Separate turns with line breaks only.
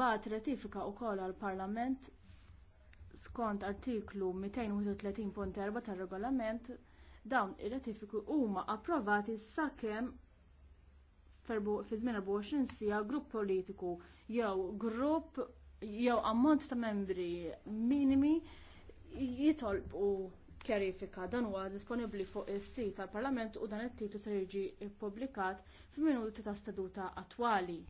Bat ratifika wkoll għall parlament skont artiklu 231.4 tar regolament dawn ir-ratifiku huma approvati sakemm fi żmien 24 sija grupp politiku jew grupp jew ammont ta' membri minimi jitolbu kjarifika dan huwa disponibbli fuq is-sit tal-Parlament u dan it-titlu se jiġi ppubblikat fil-minuti ta' seduta attwali.